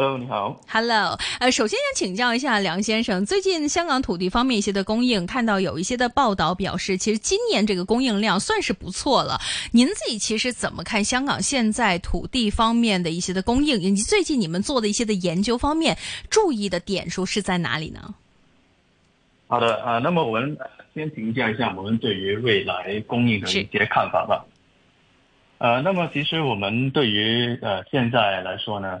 Hello，你好。Hello，呃，首先想請教一下梁先生，最近香港土地方面一些的供應，看到有一些的報道表示，其實今年這個供應量算是不錯了。您自己其實怎麼看香港現在土地方面的一些的供應，以及最近你們做的一些的研究方面，注意的點數是在哪裏呢？好的，呃，那麼我們先評價一下我們對於未來供應的一些看法吧。呃，那麼其實我們對於呃現在來說呢。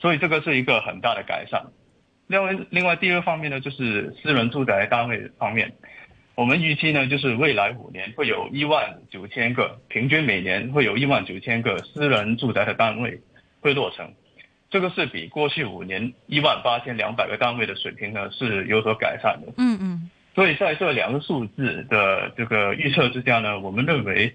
所以這個是一個很大的改善。另外，另外第二方面呢，就是私人住宅單位方面，我們預期呢，就是未來五年會有一萬九千個，平均每年會有一萬九千個私人住宅的單位會落成。這個是比過去五年一萬八千兩百個單位的水平呢，是有所改善的。嗯嗯。所以在這兩個數字的這個預測之下呢，我們認為。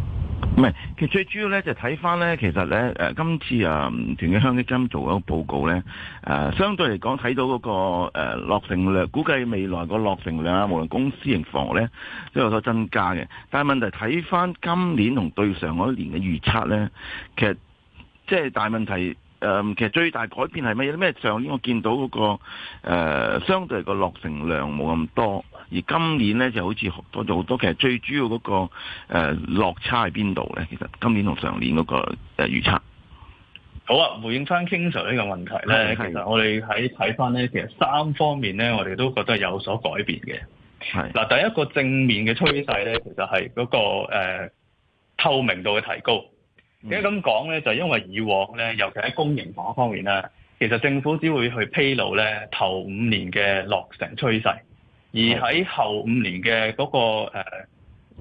唔係其實最主要咧就睇翻咧，其實咧誒、呃、今次啊團結香港基金做嗰個報告咧、呃，相對嚟講睇到嗰、那個、呃、落成量，估計未來個落成量啊，無論公私營房屋呢，咧都有所增加嘅。但係問題睇翻今年同對上一年嘅預測咧，其實即係大問題、呃、其實最大改變係乜嘢？咩上年我見到嗰、那個、呃、相對個落成量冇咁多。而今年咧就好似多咗好多，其實最主要嗰、那個、呃、落差喺邊度咧？其實今年同上年嗰、那個誒、呃、預測，好啊！回應翻 King Sir 呢個問題咧，其實我哋喺睇翻咧，其實三方面咧，我哋都覺得有所改變嘅。係嗱、啊，第一個正面嘅趨勢咧，其實係嗰、那個、呃、透明度嘅提高。點解咁講咧？就係因為以往咧，尤其喺公營房方面咧，其實政府只會去披露咧頭五年嘅落成趨勢。而喺後五年嘅嗰、那個誒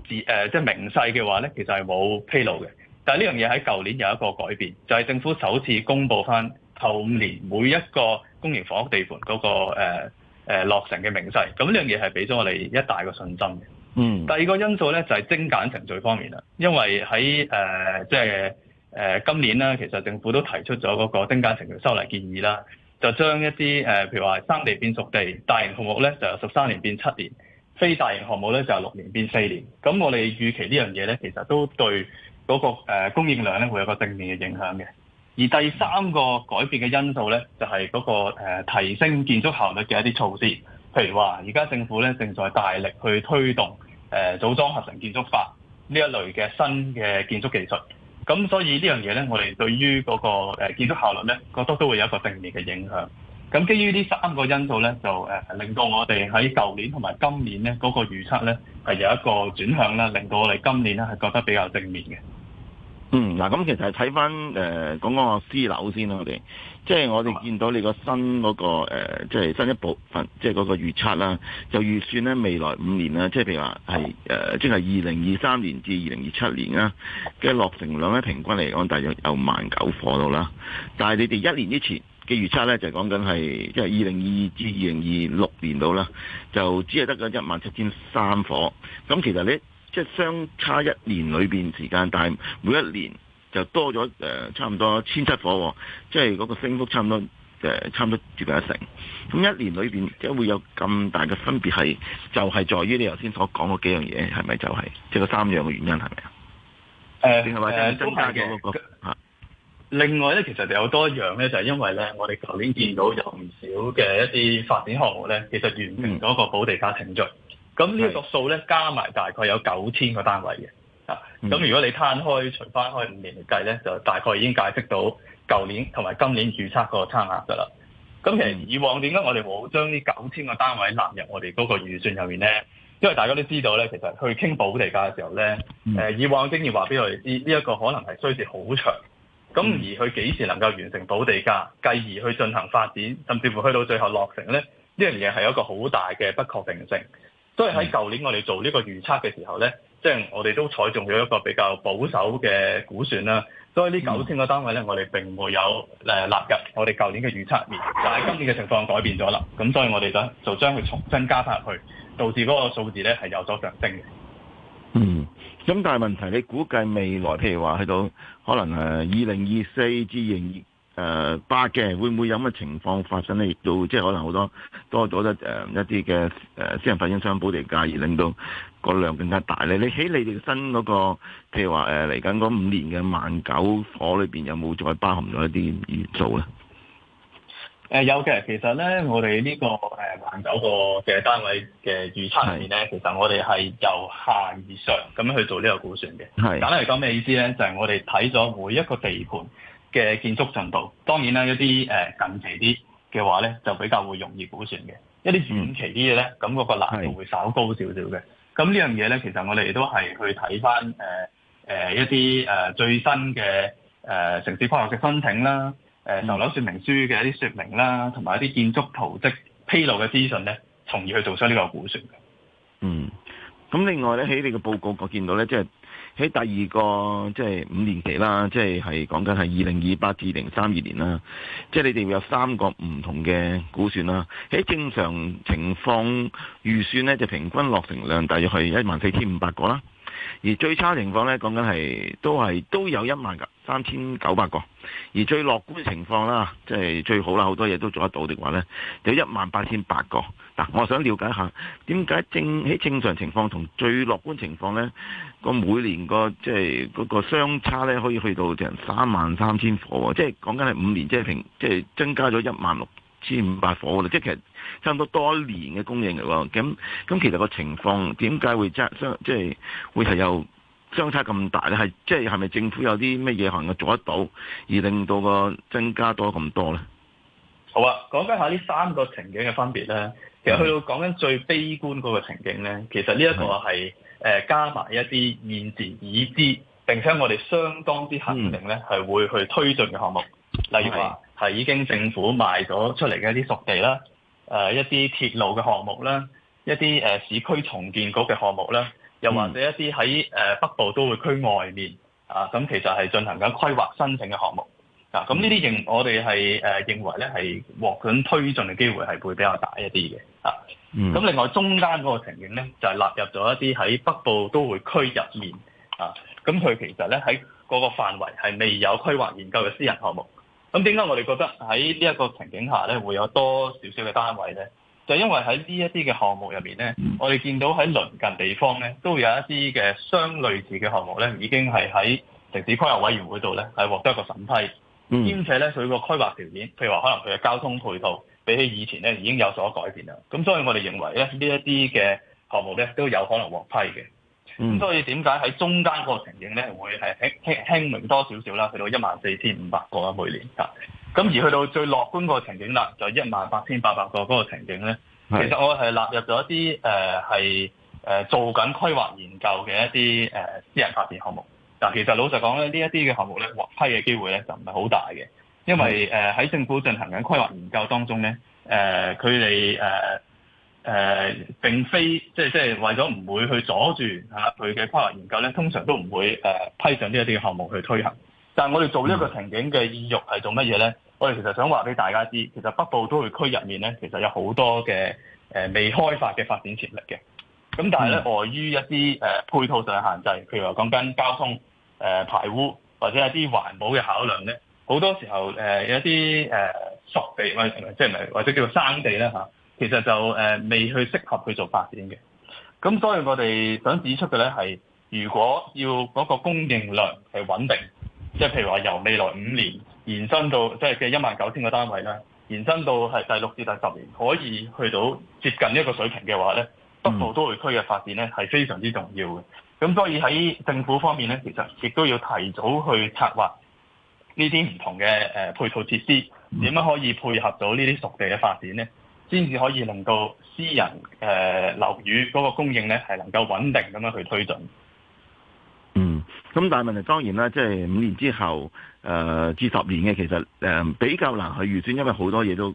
字、呃、即係明細嘅話咧，其實係冇披露嘅。但係呢樣嘢喺舊年有一個改變，就係、是、政府首次公布翻後五年每一個公營房屋地盤嗰、那個誒、呃呃、落成嘅明細。咁呢樣嘢係俾咗我哋一大個信心的。嗯。第二個因素咧就係、是、精簡程序方面啦，因為喺誒即係誒今年咧，其實政府都提出咗嗰個精簡程序修例建議啦。就將一啲誒，譬如話生地變熟地，大型項目咧就由十三年變七年，非大型項目咧就由六年變四年。咁我哋預期呢樣嘢咧，其實都對嗰個供應量咧會有個正面嘅影響嘅。而第三個改變嘅因素咧，就係誒嗰個提升建築效率嘅一啲措施，譬如話而家政府咧正在大力去推動誒、呃、組裝合成建築法呢一類嘅新嘅建築技術。咁所以呢樣嘢呢，我哋對於嗰個誒建築效率呢，覺得都會有一個正面嘅影響。咁基於呢三個因素呢，就誒令到我哋喺舊年同埋今年呢嗰個預測呢，係有一個轉向啦，令到我哋今年呢，係覺得比較正面嘅。嗯，嗱、嗯，咁、嗯、其實睇返誒講講個私樓先啦，我哋即係我哋見到你新、嗰個新嗰個即係新一部分，即係嗰個預測啦，就預算咧未來五年啦，即係譬如話係誒，即係二零二三年至二零二七年啦，嘅落成量咧，平均嚟講，大概有萬九伙度啦。但係你哋一年之前嘅預測咧，就係講緊係即係二零二二至二零二六年度啦，就只係得個一萬七千三伙。咁其實你？即係相差一年裏邊時間，但係每一年就多咗誒、呃，差唔多千七伙、哦，即係嗰個升幅差唔多誒、呃，差唔多接近一成。咁一年裏邊即係會有咁大嘅分別是，係就係、是、在於你頭先所講嗰幾樣嘢，係咪就係、是、即係三樣嘅原因係咪啊？誒誒、呃那個呃呃那個，另外咧，其實有多一樣咧，就係、是、因為咧，我哋舊年見到有唔少嘅一啲發展項目咧，其實完成咗個保地價程序。嗯咁呢個數咧加埋大概有九千個單位嘅，啊、嗯、咁如果你攤開除返開五年嚟計咧，就大概已經解釋到舊年同埋今年預測個差額㗎喇。咁、嗯、其實以往點解我哋冇將呢九千個單位納入我哋嗰個預算入面咧？因為大家都知道咧，其實去傾補地價嘅時候咧、嗯，以往經驗話俾我哋知，呢、這、一個可能係需時好長。咁、嗯、而佢幾時能夠完成補地價，繼而去進行發展，甚至乎去到最後落成咧，呢樣嘢係有一個好大嘅不確定性。所以喺舊年我哋做呢個預測嘅時候呢，即係我哋都採用咗一個比較保守嘅估算啦。所以呢九千個單位呢，我哋並沒有誒納入我哋舊年嘅預測面，但係今年嘅情況改變咗啦，咁所以我哋就就將佢重新加翻入去，導致嗰個數字呢係有所上升嘅。嗯，咁但係問題你估計未來譬如話去到可能誒二零二四至二零誒、呃、巴嘅會唔會有乜情況發生咧？亦都即係可能好多多咗一一啲嘅誒私人發展商補地價，而令到個量更加大咧。你喺你哋新嗰、那個，譬如話嚟緊嗰五年嘅萬九伙裏面，有冇再包含咗一啲元素咧？誒、呃、有嘅，其實咧我哋呢、這個萬九、呃、個嘅單位嘅預測裏面咧，其實我哋係由下而上咁樣去做呢個估算嘅。係簡單嚟講，咩意思咧？就係、是、我哋睇咗每一個地盤。嘅建築進度，當然啦，一、呃、啲近期啲嘅話咧，就比較會容易估算嘅；一啲遠期啲嘅咧，咁、嗰個難度會稍高少少嘅。咁呢樣嘢咧，其實我哋都係去睇翻誒一啲誒、呃、最新嘅誒、呃、城市科學嘅申請啦、誒售樓說明書嘅一啲說明啦，同埋一啲建築圖則披露嘅資訊咧，從而去做出呢個估算嘅。嗯，咁另外咧喺你嘅報告我見到咧，即係。喺第二個即係五年期啦，即係係講緊係二零二八至二零三二年啦，即係你哋會有三個唔同嘅估算啦。喺正常情況預算咧，就平均落成量大約係一萬四千五百個啦。而最差情況呢，講緊係都係都有一萬三千九百個；而最樂觀情況啦，即係最好啦，好多嘢都做得到的話呢，有一萬八千八個。嗱，我想了解下點解正喺正常情況同最樂觀情況呢，個每年個即係嗰個相差呢，可以去到成三萬三千個喎，即係講緊係五年即係平即係增加咗一萬六。千五百伙啦，即係其實差唔多多一年嘅供應㗎喎。咁咁其實個情況點解會差相即係會係有相差咁大咧？係即係係咪政府有啲乜嘢可能做得到，而令到個增加多咁多咧？好啊，講返下呢三個情景嘅分別咧。其實去到講緊最悲觀嗰個情景咧，嗯、其實呢、嗯呃、一個係誒加埋一啲現時已知，並且我哋相當之肯定咧係、嗯、會去推進嘅項目，例如話，係已經政府賣咗出嚟嘅一啲熟地啦，誒、呃、一啲鐵路嘅項目啦，一啲誒、呃、市區重建局嘅項目啦，又或者一啲喺誒北部都會區外面啊，咁其實係進行緊規劃申請嘅項目。嗱、啊，咁呢啲認我哋係誒認為咧係獲准推進嘅機會係會比較大一啲嘅啊。咁、嗯、另外中間嗰個情景咧，就係、是、納入咗一啲喺北部都會區入面啊，咁、啊、佢其實咧喺嗰個範圍係未有規劃研究嘅私人項目。咁點解我哋覺得喺呢一個情景下咧，會有多少少嘅單位咧？就因為喺呢一啲嘅項目入面咧，mm. 我哋見到喺鄰近地方咧，都有一啲嘅相類似嘅項目咧，已經係喺城市規劃委員會度咧係獲得一個審批，兼、mm. 且咧佢個規劃條件，譬如話可能佢嘅交通配套比起以前咧已經有所改變啦。咁所以我哋認為咧，呢一啲嘅項目咧都有可能獲批嘅。咁、嗯、所以點解喺中間嗰個情景咧，會係輕輕輕明多少少啦，去到一萬四千五百個啦每年嚇。咁、嗯、而去到最樂觀嗰個情景啦，就一萬八千八百個嗰個情景咧，其實我係納入咗一啲誒係誒做緊規劃研究嘅一啲誒、呃、私人發展項目。嗱，其實老實講咧，呢一啲嘅項目咧，獲批嘅機會咧就唔係好大嘅，因為誒喺、呃、政府進行緊規劃研究當中咧，誒佢哋誒。誒、呃、並非即係即係為咗唔會去阻住嚇佢嘅規劃研究咧，通常都唔會誒、呃、批上呢一啲項目去推行。但係我哋做呢一個情景嘅意欲係做乜嘢咧？我哋其實想話俾大家知，其實北部都會區入面咧，其實有好多嘅、呃、未開發嘅發展潛力嘅。咁但係咧，礙於一啲誒、呃、配套上嘅限制，譬如話講緊交通、誒、呃、排污或者係啲環保嘅考量咧，好多時候誒、呃、有啲誒熟地或者即係唔係或者叫做生地咧、啊其實就誒未去適合去做發展嘅，咁所以我哋想指出嘅咧係，如果要嗰個供應量係穩定，即係譬如話由未來五年延伸到即係嘅一萬九千個單位呢，延伸到係第六至第十年可以去到接近一個水平嘅話咧，北部都會區嘅發展咧係非常之重要嘅。咁所以喺政府方面咧，其實亦都要提早去策劃呢啲唔同嘅誒配套設施，點樣可以配合到呢啲熟地嘅發展咧？先至可以令到私人誒、呃、樓宇嗰個供應咧，係能夠穩定咁樣去推進。嗯，咁但係問題當然啦，即係五年之後誒、呃、至十年嘅，其實誒、呃、比較難去預算，因為好多嘢都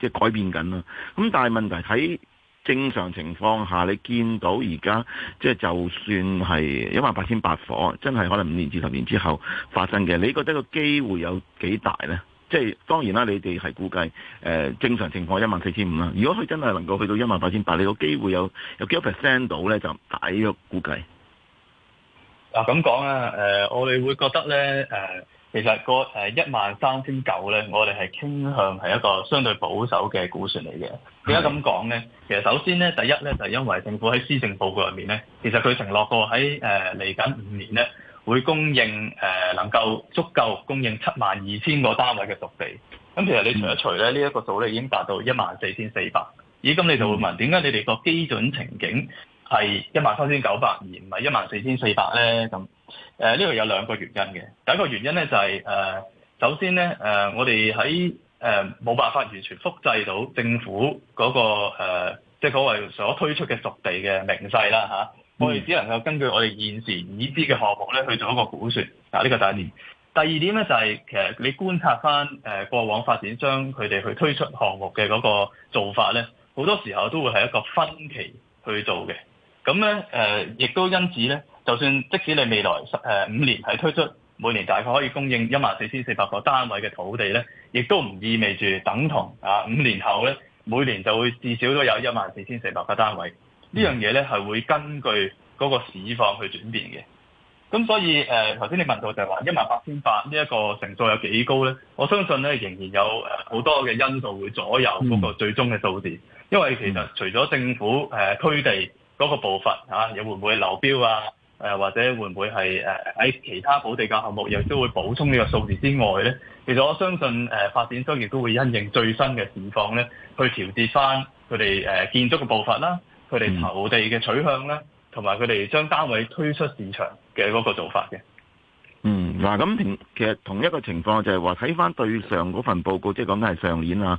即係改變緊啦。咁但係問題喺正常情況下，你見到而家即係就算係一萬八千八火，真係可能五年至十年之後發生嘅，你覺得個機會有幾大咧？即係當然啦，你哋係估計誒、呃、正常情況一萬四千五啦。如果佢真係能夠去到一萬八千八，你個機會有有幾多 percent 到咧？就唔大約估計。啊，咁講啊，誒，我哋會覺得咧，誒、呃，其實個誒一萬三千九咧，我哋係傾向係一個相對保守嘅估算嚟嘅。點解咁講咧？其實首先咧，第一咧就係、因為政府喺施政報告入面咧，其實佢承諾過喺誒嚟緊五年咧。會供應誒、呃、能夠足夠供應七萬二千個單位嘅熟地，咁其實你除一除咧，呢、嗯、一、這個數咧已經達到一萬四千四百，咦？咁你就會問點解你哋個基準情景係一萬三千九百二，唔係一萬四千四百咧？咁誒呢度有兩個原因嘅，第一個原因咧就係、是、誒、呃、首先咧誒、呃、我哋喺誒冇辦法完全複製到政府嗰、那個即係所謂所推出嘅熟地嘅名制啦嚇。嗯、我哋只能夠根據我哋現時已知嘅項目咧去做一個估算，啊呢個第一點。第二點咧就係、是、其實你觀察翻過往發展商佢哋去推出項目嘅嗰個做法咧，好多時候都會係一個分期去做嘅。咁咧誒，亦、呃、都因此咧，就算即使你未來十、呃、五年係推出每年大概可以供應一萬四千四百個單位嘅土地咧，亦都唔意味住等同啊五年後咧每年就會至少都有一萬四千四百個單位。呢樣嘢咧係會根據嗰個市況去轉變嘅。咁所以誒，頭、呃、先你問到就係話一萬八千八呢一個成數有幾高咧？我相信咧仍然有誒好多嘅因素會左右嗰個最終嘅數字，因為其實除咗政府誒推、呃、地嗰個步伐嚇，又、啊、會唔會流標啊誒、呃，或者會唔會係誒喺其他補地價項目又都會補充呢個數字之外咧，其實我相信誒、呃、發展商亦都會因應最新嘅市況咧，去調節翻佢哋誒建築嘅步伐啦。佢哋投地嘅取向咧，同埋佢哋將單位推出市場嘅嗰個做法嘅。嗯，嗱，咁同其實同一個情況就係話睇翻對上嗰份報告，即係講緊係上年啦。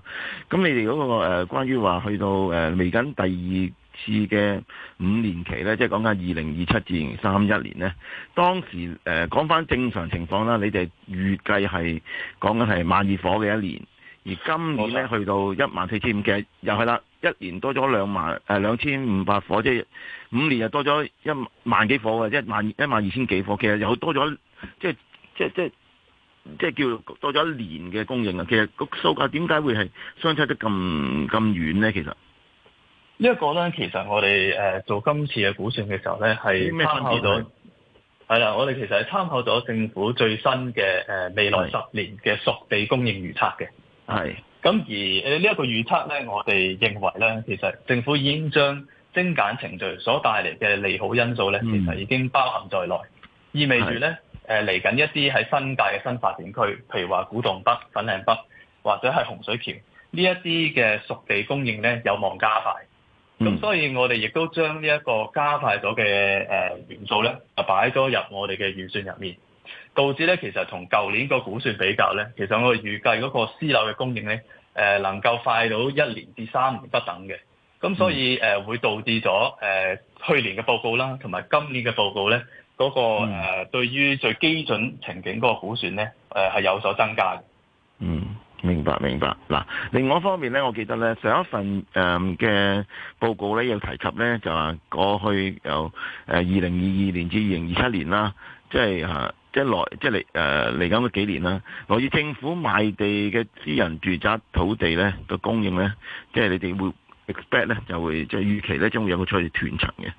咁你哋嗰、那個誒、呃，關於話去到誒、呃、嚟緊第二次嘅五年期咧，即係講緊二零二七至二零三一年咧。當時誒講翻正常情況啦，你哋預計係講緊係萬熱火嘅一年。而今年咧去到一萬四千五，嘅，其實又係啦，一年多咗兩萬誒兩千五百伙，即係五年又多咗一萬,萬幾伙嘅，一萬一萬二千幾伙，其實又多咗即係即係即係即，即叫多咗一年嘅供應啊！其實個數價點解會係相差得咁咁遠咧？其實呢一個咧，其實我哋、呃、做今次嘅估算嘅時候咧，係參考咗係啦，我哋其實係參考咗政府最新嘅、呃、未來十年嘅熟地供應預測嘅。係，咁而誒呢一個預測咧，我哋認為咧，其實政府已經將精簡程序所帶嚟嘅利好因素咧、嗯，其實已經包含在內，意味住咧誒嚟緊一啲喺新界嘅新發展區，譬如話古洞北、粉嶺北或者係洪水橋呢一啲嘅熟地供應咧，有望加快。咁、嗯、所以我哋亦都將呢一個加快咗嘅誒元素咧，擺咗入我哋嘅預算入面。導致咧，其實同舊年個估算比較咧，其實我哋預計嗰個私樓嘅供應咧，誒、呃、能夠快到一年至三年不等嘅。咁所以誒、嗯、會導致咗誒、呃、去年嘅報告啦，同埋今年嘅報告咧，嗰、那個誒、呃嗯、對於最基準情景嗰個估算咧，誒、呃、係有所增加嘅。嗯，明白明白。嗱，另外一方面咧，我記得咧上一份誒嘅、呃、報告咧有提及咧，就話、是、過去由誒二零二二年至二零二七年啦，即、就、係、是啊.即係來即係嚟誒嚟緊嘅幾年啦。來自政府賣地嘅私人住宅土地咧嘅供應咧，即係你哋會 expect 咧就會即係預期咧，將會有個出去斷層嘅。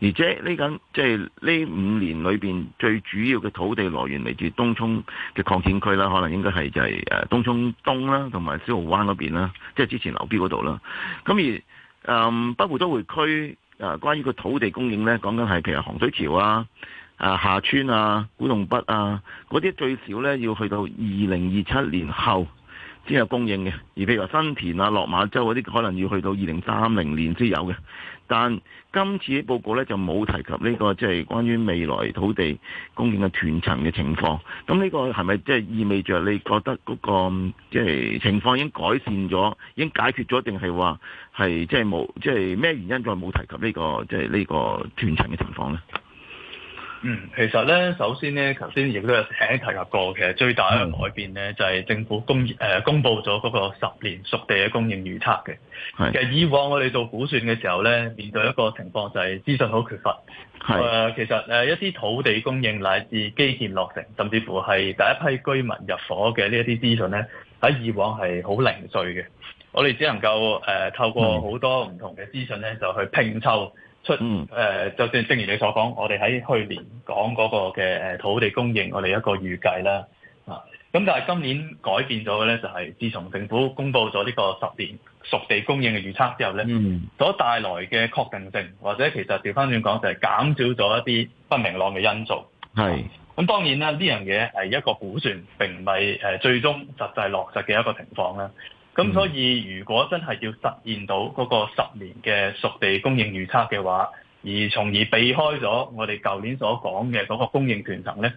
而且呢緊即係呢五年裏邊最主要嘅土地來源嚟自東涌嘅擴展區啦，可能應該係就係誒東涌東啦，同埋小蠔灣嗰邊啦，即係之前樓標嗰度啦。咁而誒、呃、北部都會區誒關於個土地供應咧，講緊係譬如洪水橋啊。啊，下村啊，古洞北啊，嗰啲最少咧要去到二零二七年後先有供應嘅。而譬如話新田啊、落馬洲嗰啲，可能要去到二零三零年先有嘅。但今次啲報告咧就冇提及呢個即係關於未來土地供應嘅斷層嘅情況。咁呢個係咪即係意味着你覺得嗰個即係情況已經改善咗，已經解決咗，定係話係即係冇即係咩原因再冇提及呢個即係呢個斷層嘅情況咧？嗯，其實咧，首先咧，頭先亦都有提提及過，其實最大嘅改變咧，就係、是、政府公、呃、公佈咗嗰個十年熟地嘅供應預測嘅。其實以往我哋做估算嘅時候咧，面對一個情況就係資訊好缺乏、呃。其實一啲土地供應乃至基建落成，甚至乎係第一批居民入伙嘅呢一啲資訊咧，喺以往係好零碎嘅。我哋只能夠、呃、透過好多唔同嘅資訊咧，就去拼湊。出、嗯、誒，就算正如你所講，我哋喺去年講嗰個嘅誒土地供應，我哋一個預計啦，啊，咁但係今年改變咗嘅咧，就係自從政府公布咗呢個十年熟地供應嘅預測之後咧，嗯，所帶來嘅確定性，或者其實調返轉講就係減少咗一啲不明朗嘅因素。係，咁、嗯、當然啦，呢樣嘢係一個估算，並唔係誒最終實際落實嘅一個情況啦。咁所以，如果真係要實現到嗰個十年嘅熟地供應預測嘅話，而從而避開咗我哋舊年所講嘅嗰個供應斷層咧，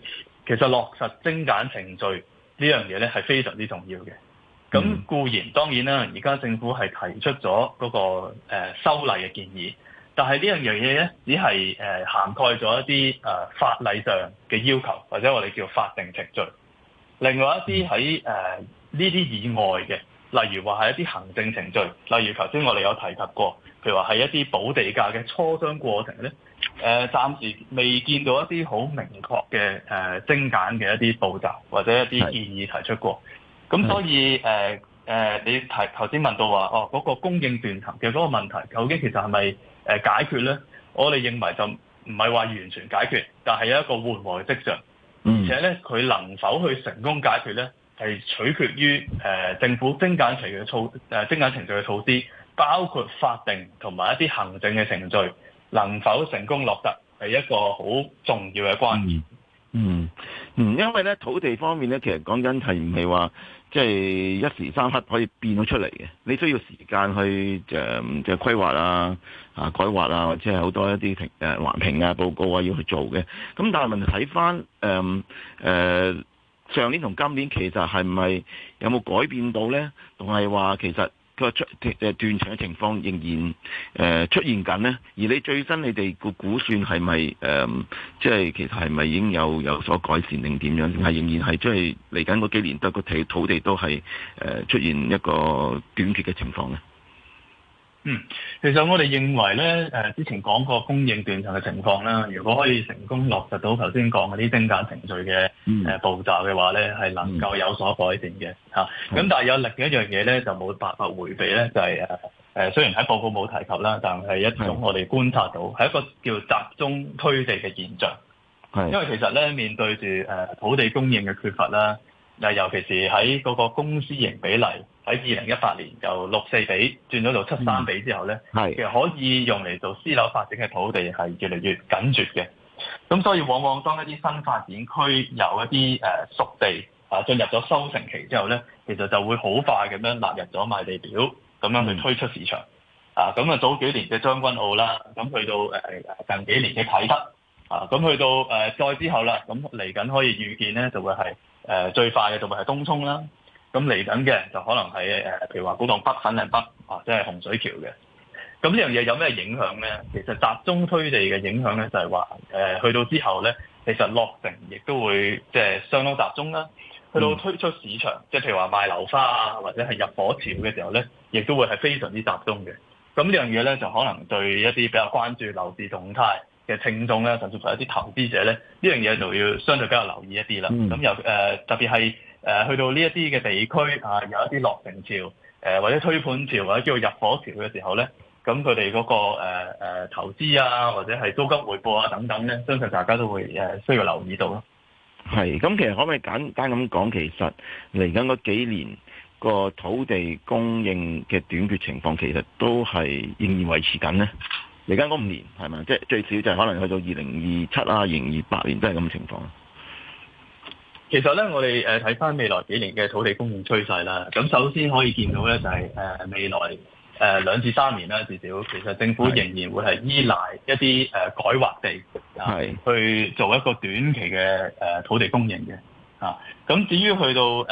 其實落實精簡程序呢樣嘢咧係非常之重要嘅。咁固然當然啦，而家政府係提出咗嗰、那個誒、呃、修例嘅建議，但係呢樣嘢咧只係誒、呃、涵蓋咗一啲誒、呃、法例上嘅要求，或者我哋叫法定程序。另外一啲喺誒呢啲以外嘅。例如話係一啲行政程序，例如頭先我哋有提及過，譬如話係一啲保地價嘅磋商過程咧，誒、呃、暫時未見到一啲好明確嘅誒、呃、精簡嘅一啲步驟或者一啲建議提出過。咁所以誒、呃呃、你提頭先問到話，哦嗰、嗰個供應斷層嘅嗰個問題，究竟其實係咪解決咧？我哋認為就唔係話完全解決，但係有一個緩和嘅跡象。而且咧，佢能否去成功解決咧？係取決於、呃、政府精簡程序嘅措誒、呃、精簡程序嘅措施，包括法定同埋一啲行政嘅程序，能否成功落得，係一個好重要嘅關鍵。嗯嗯，嗯，因為咧土地方面咧，其實講緊係唔係話即係一時三刻可以變到出嚟嘅，你需要時間去誒即係規劃啊啊改劃啊，或者係好多一啲平誒環評啊報告啊要去做嘅。咁但係問題睇翻誒誒。呃呃上年同今年其實係唔係有冇改變到呢？仲係話其實佢出誒斷層嘅情況仍然誒出現緊呢？而你最新你哋個估算係咪誒即係其實係咪已經有有所改善定點樣？定係仍然係即係嚟緊個幾年得個土地都係誒出現一個短缺嘅情況呢？嗯，其實我哋認為咧，誒之前講過供應斷層嘅情況啦，如果可以成功落實到頭先講嗰啲精簡程序嘅誒步驟嘅話咧，係、嗯、能夠有所改善嘅嚇。咁、嗯嗯、但係有另一樣嘢咧，就冇辦法回避咧，就係誒誒，雖然喺報告冇提及啦，但係一種我哋觀察到係一個叫集中推地嘅現象，係因為其實咧，面對住誒、呃、土地供應嘅缺乏啦，嗱尤其是喺嗰個公私營比例。喺二零一八年由六四比轉咗到七三比之後咧、嗯，其實可以用嚟做私樓發展嘅土地係越嚟越緊缺嘅。咁所以往往當一啲新發展區有一啲熟、呃、地啊進入咗收成期之後咧，其實就會好快咁樣納入咗賣地表，咁樣去推出市場。嗯、啊，咁啊早幾年嘅將軍澳啦，咁去到、呃、近幾年嘅啟德啊，咁去到誒、呃、再之後啦，咁嚟緊可以預見咧就會係、呃、最快嘅就會係東涌啦。咁嚟緊嘅就可能係譬如話古洞北肯定北，或者係洪水橋嘅。咁呢樣嘢有咩影響咧？其實集中推地嘅影響咧、就係，就係話去到之後咧，其實落成亦都會即係相當集中啦。去到推出市場，嗯、即係譬如話賣樓花、啊、或者係入伙潮嘅時候咧，亦都會係非常之集中嘅。咁呢樣嘢咧，就可能對一啲比較關注樓市動態嘅聽眾咧，甚至乎一啲投資者咧，呢樣嘢就要相對比較留意一啲啦。咁、嗯、又、呃、特別係。誒去到呢一啲嘅地區啊，有一啲落成潮，誒或者推盤潮或者叫做入伙潮嘅時候呢，咁佢哋嗰個誒、呃、投資啊，或者係租金回報啊等等呢，相信大家都會誒、呃、需要留意到咯。係，咁其實可唔可以簡單咁講，其實嚟緊嗰幾年個土地供應嘅短缺情況，其實都係仍然維持緊呢？嚟緊嗰五年係咪即係最少就係可能去到二零二七啊，二零二八年都係咁嘅情況？其實咧，我哋誒睇翻未來幾年嘅土地供應趨勢啦。咁首先可以見到咧，就係誒未來誒兩至三年啦，至少其實政府仍然會係依賴一啲誒改劃地啊，去做一個短期嘅誒土地供應嘅。啊，咁至於去到誒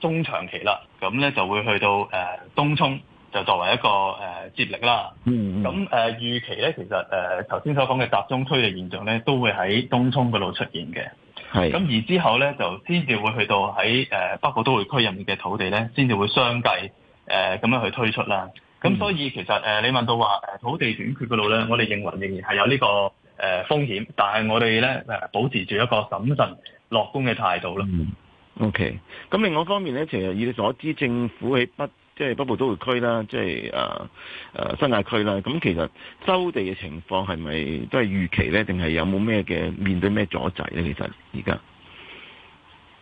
中長期啦，咁咧就會去到誒東涌，就作為一個誒接力啦。嗯。咁誒預期咧，其實誒頭先所講嘅集中區嘅現象咧，都會喺東涌嗰度出現嘅。係，咁而之後咧，就先至會去到喺誒北部都會區入面嘅土地咧，先至會相繼誒咁、呃、樣去推出啦。咁所以其實誒、呃，你問到話土地短缺嗰度咧，我哋認為仍然係有呢、這個誒、呃、風險，但係我哋咧保持住一個審慎樂觀嘅態度啦。嗯。O K. 咁另外一方面咧，其實以所知，政府喺北即、就、係、是、北部都會區啦，即係誒誒新界區啦。咁、啊、其實收地嘅情況係咪都係預期咧，定係有冇咩嘅面對咩阻滯咧？其實而家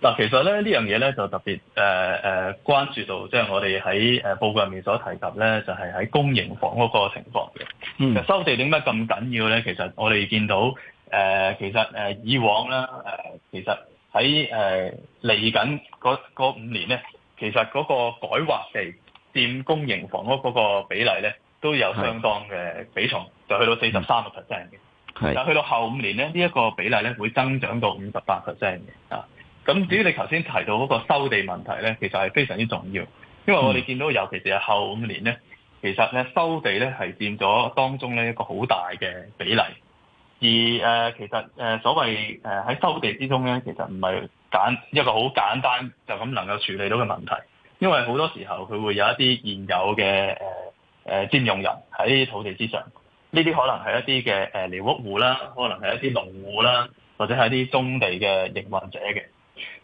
嗱，其實咧呢這樣嘢咧就特別誒誒、呃呃、關注到，即、就、係、是、我哋喺誒報告入面所提及咧，就係、是、喺公營房嗰個情況嘅。其、嗯、收地點解咁緊要咧？其實我哋見到誒、呃，其實誒、呃、以往咧誒、呃，其實喺誒嚟緊嗰五年咧，其實嗰個改劃地。佔公營房屋嗰個比例咧，都有相當嘅比重的，就去到四十三個 percent 嘅。係，但去到後五年咧，呢一個比例咧會增長到五十八 percent 嘅。啊，咁至於你頭先提到嗰個收地問題咧，其實係非常之重要，因為我哋見到尤其係後五年咧，其實咧收地咧係佔咗當中咧一個好大嘅比例。而誒，其實誒所謂誒喺收地之中咧，其實唔係簡一個好簡單就咁能夠處理到嘅問題。因為好多時候佢會有一啲現有嘅誒誒佔用人喺土地之上，呢啲可能係一啲嘅誒寮屋戶啦，可能係一啲農戶啦，或者係一啲棕地嘅營運者嘅。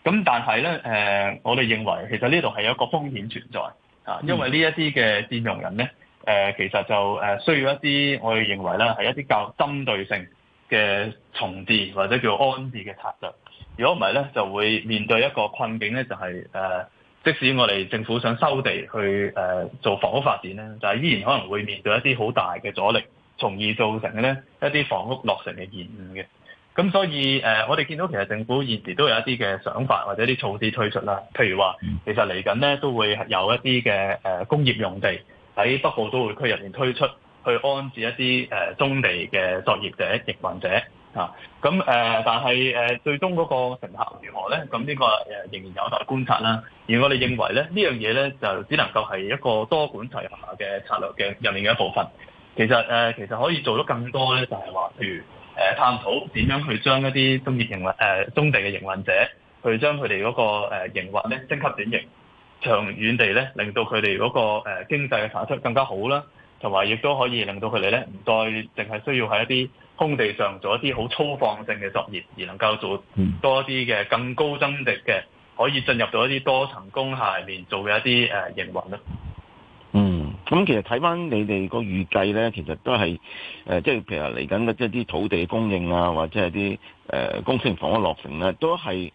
咁但係咧誒，我哋認為其實呢度係有一個風險存在啊，因為呢一啲嘅佔用人咧誒、呃，其實就需要一啲我哋認為咧係一啲較針對性嘅重置或者叫安置嘅策略。如果唔係咧，就會面對一個困境咧、就是，就係誒。即使我哋政府想收地去、呃、做房屋發展咧，但係依然可能會面對一啲好大嘅阻力，從而造成嘅咧一啲房屋落成嘅延誤嘅。咁所以、呃、我哋見到其實政府現時都有一啲嘅想法或者啲措施推出啦，譬如話其實嚟緊咧都會有一啲嘅、呃、工業用地喺北部都會區入面推出，去安置一啲、呃、中地嘅作業者、營運者。咁、呃、但係、呃、最終嗰個乘客如何咧？咁呢個誒，仍然有待觀察啦。而我哋認為咧，這個、呢樣嘢咧，就只能夠係一個多管齊下嘅策略嘅入面嘅一部分。其實、呃、其實可以做得更多咧，就係、是、話，譬如探討點樣去將一啲中業營運、呃、中地嘅營運者，去將佢哋嗰個誒營運咧升級轉型，長遠地咧，令到佢哋嗰個經、呃、經濟嘅產出更加好啦，同埋亦都可以令到佢哋咧唔再淨係需要喺一啲。空地上做一啲好粗放性嘅作業，而能夠做多啲嘅更高增值嘅，可以進入到一啲多層工廈入面做嘅一啲誒、呃、營運咯。嗯，咁其實睇返你哋個預計咧，其實都係誒，即係譬如嚟緊嘅即係啲土地供應啊，或者係啲誒公營房屋落成咧，都係誒、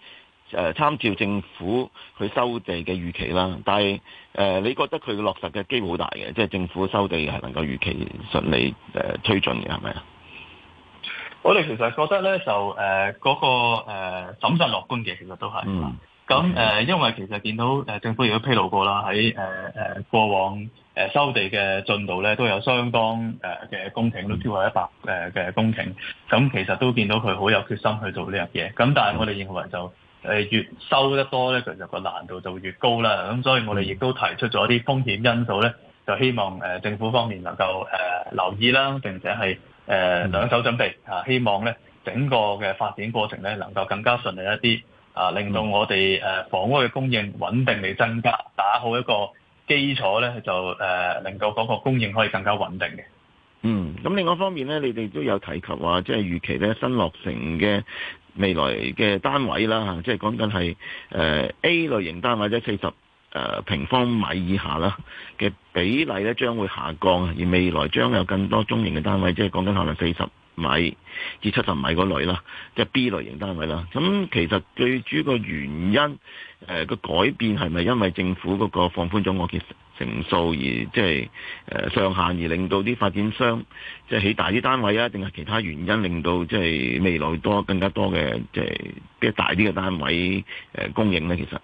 呃、參照政府佢收地嘅預期啦。但係誒、呃，你覺得佢嘅落實嘅機會好大嘅，即係政府收地係能夠預期順利誒、呃、推進嘅，係咪啊？我哋其實覺得咧，就誒嗰、呃那個誒、呃、審慎樂觀嘅，其實都係。咁、嗯、誒、嗯，因為其實見到、呃、政府亦都披露過啦，喺誒誒過往誒收地嘅進度咧，都有相當誒嘅、呃、工程都超過一百誒嘅、呃、工程。咁、嗯、其實都見到佢好有決心去做呢樣嘢。咁但係我哋認為就、呃、越收得多咧，其實個難度就會越高啦。咁所以我哋亦都提出咗啲風險因素咧，就希望誒、呃、政府方面能夠誒、呃、留意啦，並且係。誒、呃、兩手準備啊，希望咧整個嘅發展過程咧能夠更加順利一啲啊，令到我哋誒房屋嘅供應穩定地增加，打好一個基礎咧，就誒令到個供應可以更加穩定嘅。嗯，咁另外一方面咧，你哋都有提及話，即係預期咧新落成嘅未來嘅單位啦，即係講緊係 A 類型單位即係四十，誒、呃、平方米以下啦嘅比例咧將會下降，而未來將有更多中型嘅單位，即係講緊可能四十米至七十米嗰類啦，即係 B 類型單位啦。咁其實最主要個原因，誒、呃、個改變係咪因為政府嗰個放寬咗我嘅成數而即係誒、呃、上限，而令到啲發展商即係起大啲單位啊？定係其他原因令到即係未來多更加多嘅即係比較大啲嘅單位誒供應咧？其實？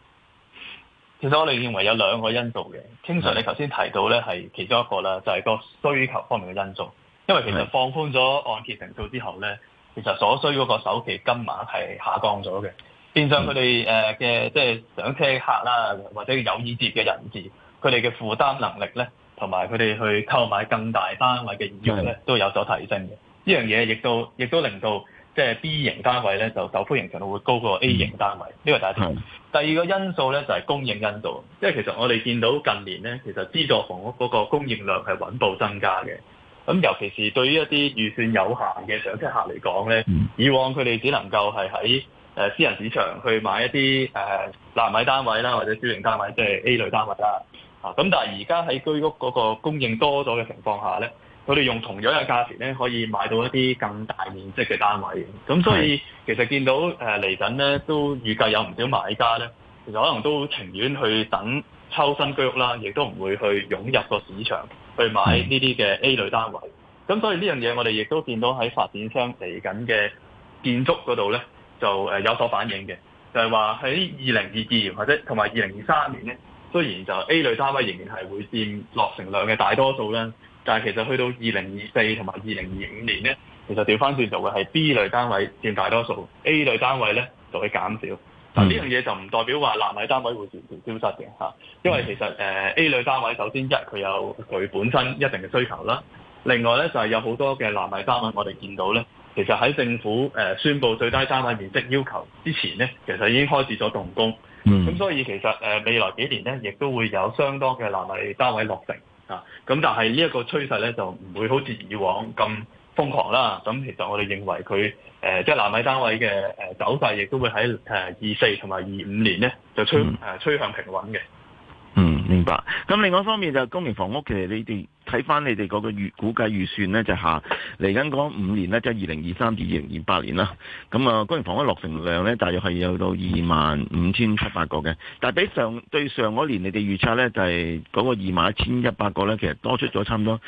其實我哋認為有兩個因素嘅，KingSir 你頭先提到咧係其中一個啦，就係、是、個需求方面嘅因素，因為其實放寬咗按揭成數之後咧，其實所需嗰個首期金額係下降咗嘅，變相佢哋誒嘅即係上車客啦，或者有意節嘅人士，佢哋嘅負擔能力咧，同埋佢哋去購買更大單位嘅意欲咧都有所提升嘅，呢樣嘢亦都亦都令到。即係 B 型單位咧，就受歡迎程度會高過 A 型單位，呢個第一點。第二個因素咧就係供應因素，即係其實我哋見到近年咧，其實資助房屋嗰個供應量係穩步增加嘅。咁尤其是對於一啲預算有限嘅上車客嚟講咧，以往佢哋只能夠係喺誒私人市場去買一啲誒納米單位啦，或者小型單位，即係 A 類單位啦。啊，咁但係而家喺居屋嗰個供應多咗嘅情況下咧。佢哋用同樣嘅價錢咧，可以買到一啲更大面積嘅單位。咁所以其實見到嚟緊咧，都預計有唔少買家咧，其實可能都情願去等抽新居屋啦，亦都唔會去湧入個市場去買呢啲嘅 A 類單位。咁所以呢樣嘢我哋亦都見到喺發展商嚟緊嘅建築嗰度咧，就有所反映嘅，就係話喺二零二二年或者同埋二零二三年咧，雖然就 A 類單位仍然係會佔落成量嘅大多數啦。但其實去到二零二四同埋二零二五年呢，其實調翻轉就會係 B 類單位佔大多數，A 類單位呢就會減少。嗱，呢樣嘢就唔代表話納米單位會完全消失嘅吓，因為其實、呃、A 類單位首先一佢有佢本身一定嘅需求啦，另外呢，就係、是、有好多嘅納米單位，我哋見到呢，其實喺政府宣布最低單位面積要求之前呢，其實已經開始咗動工。咁、嗯、所以其實、呃、未來幾年呢，亦都會有相當嘅納米單位落成。咁但係呢一個趨勢咧，就唔會好似以往咁瘋狂啦。咁其實我哋認為佢即係納米單位嘅走勢，亦都會喺誒二四同埋二五年咧，就趨趨向平穩嘅。嗯，明白。咁另外一方面就公營房屋，其實你哋睇翻你哋嗰個預估計預算呢，就是、下嚟緊嗰五年呢，即係二零二三至二零二八年啦。咁啊，公營房屋落成量呢，大約係有到二萬五千七百個嘅。但係比上對上嗰年，你哋預測呢，就係、是、嗰個二萬一千一百個呢，其實多出咗差唔多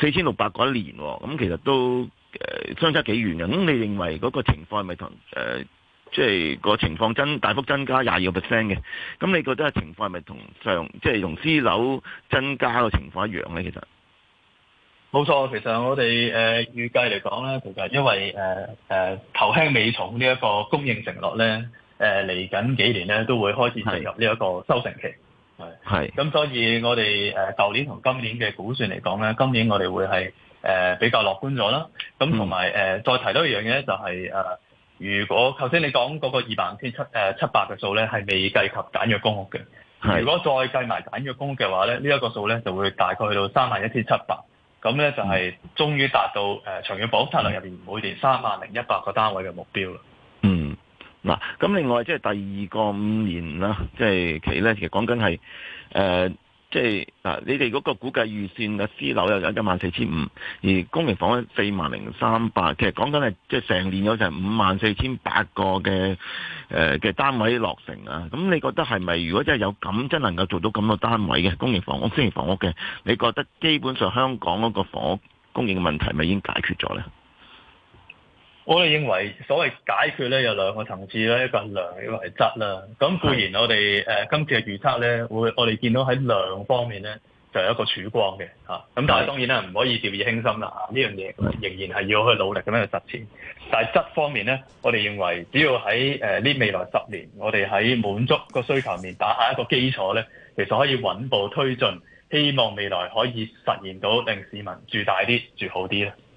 四千六百個一年。咁其實都、呃、相差幾遠嘅。咁你認為嗰個情況係咪同誒？呃即係個情況增大幅增加廿二個 percent 嘅，咁你覺得個情況係咪同上即係同私樓增加個情況一樣咧？其實冇錯，其實我哋誒預計嚟講咧，其實因為誒誒頭輕尾重呢一個供應承諾咧，誒嚟緊幾年咧都會開始進入呢一個收成期。係。係。咁所以我哋誒舊年同今年嘅估算嚟講咧，今年我哋會係誒比較樂觀咗啦。咁同埋誒再提多一樣嘢咧，就係誒。如果頭先你講嗰個二萬七千誒七百嘅數咧，係未計及簡約公屋嘅。的如果再計埋簡約公屋嘅話咧，呢、這、一個數咧就會大概去到三萬一千七百。咁咧就係終於達到誒、嗯呃、長遠房屋策略入邊每年三萬零一百個單位嘅目標啦。嗯，嗱，咁另外即係第二個五年啦，即、就、係、是、期咧，其實講緊係誒。呃即係嗱，你哋嗰個估計預算嘅私樓又有一萬四千五，而公營房屋四萬零三百，其實講緊係即係成年有成五萬四千八個嘅、呃、嘅單位落成啊！咁你覺得係咪如果真係有咁，真能夠做到咁嘅單位嘅公營房屋、私營房屋嘅？你覺得基本上香港嗰個房屋供應嘅問題咪已經解決咗咧？我哋認為所謂解決咧有兩個層次咧，一個係量，一個係質啦。咁固然我哋誒今次嘅預測咧，會我哋見到喺量方面咧就有一個曙光嘅嚇。咁但係當然啦，唔可以掉以輕心啦。呢樣嘢仍然係要去努力咁樣去實踐。但係質方面咧，我哋認為只要喺誒呢未來十年，我哋喺滿足個需求面打下一個基礎咧，其實可以穩步推進，希望未來可以實現到令市民住大啲、住好啲啦。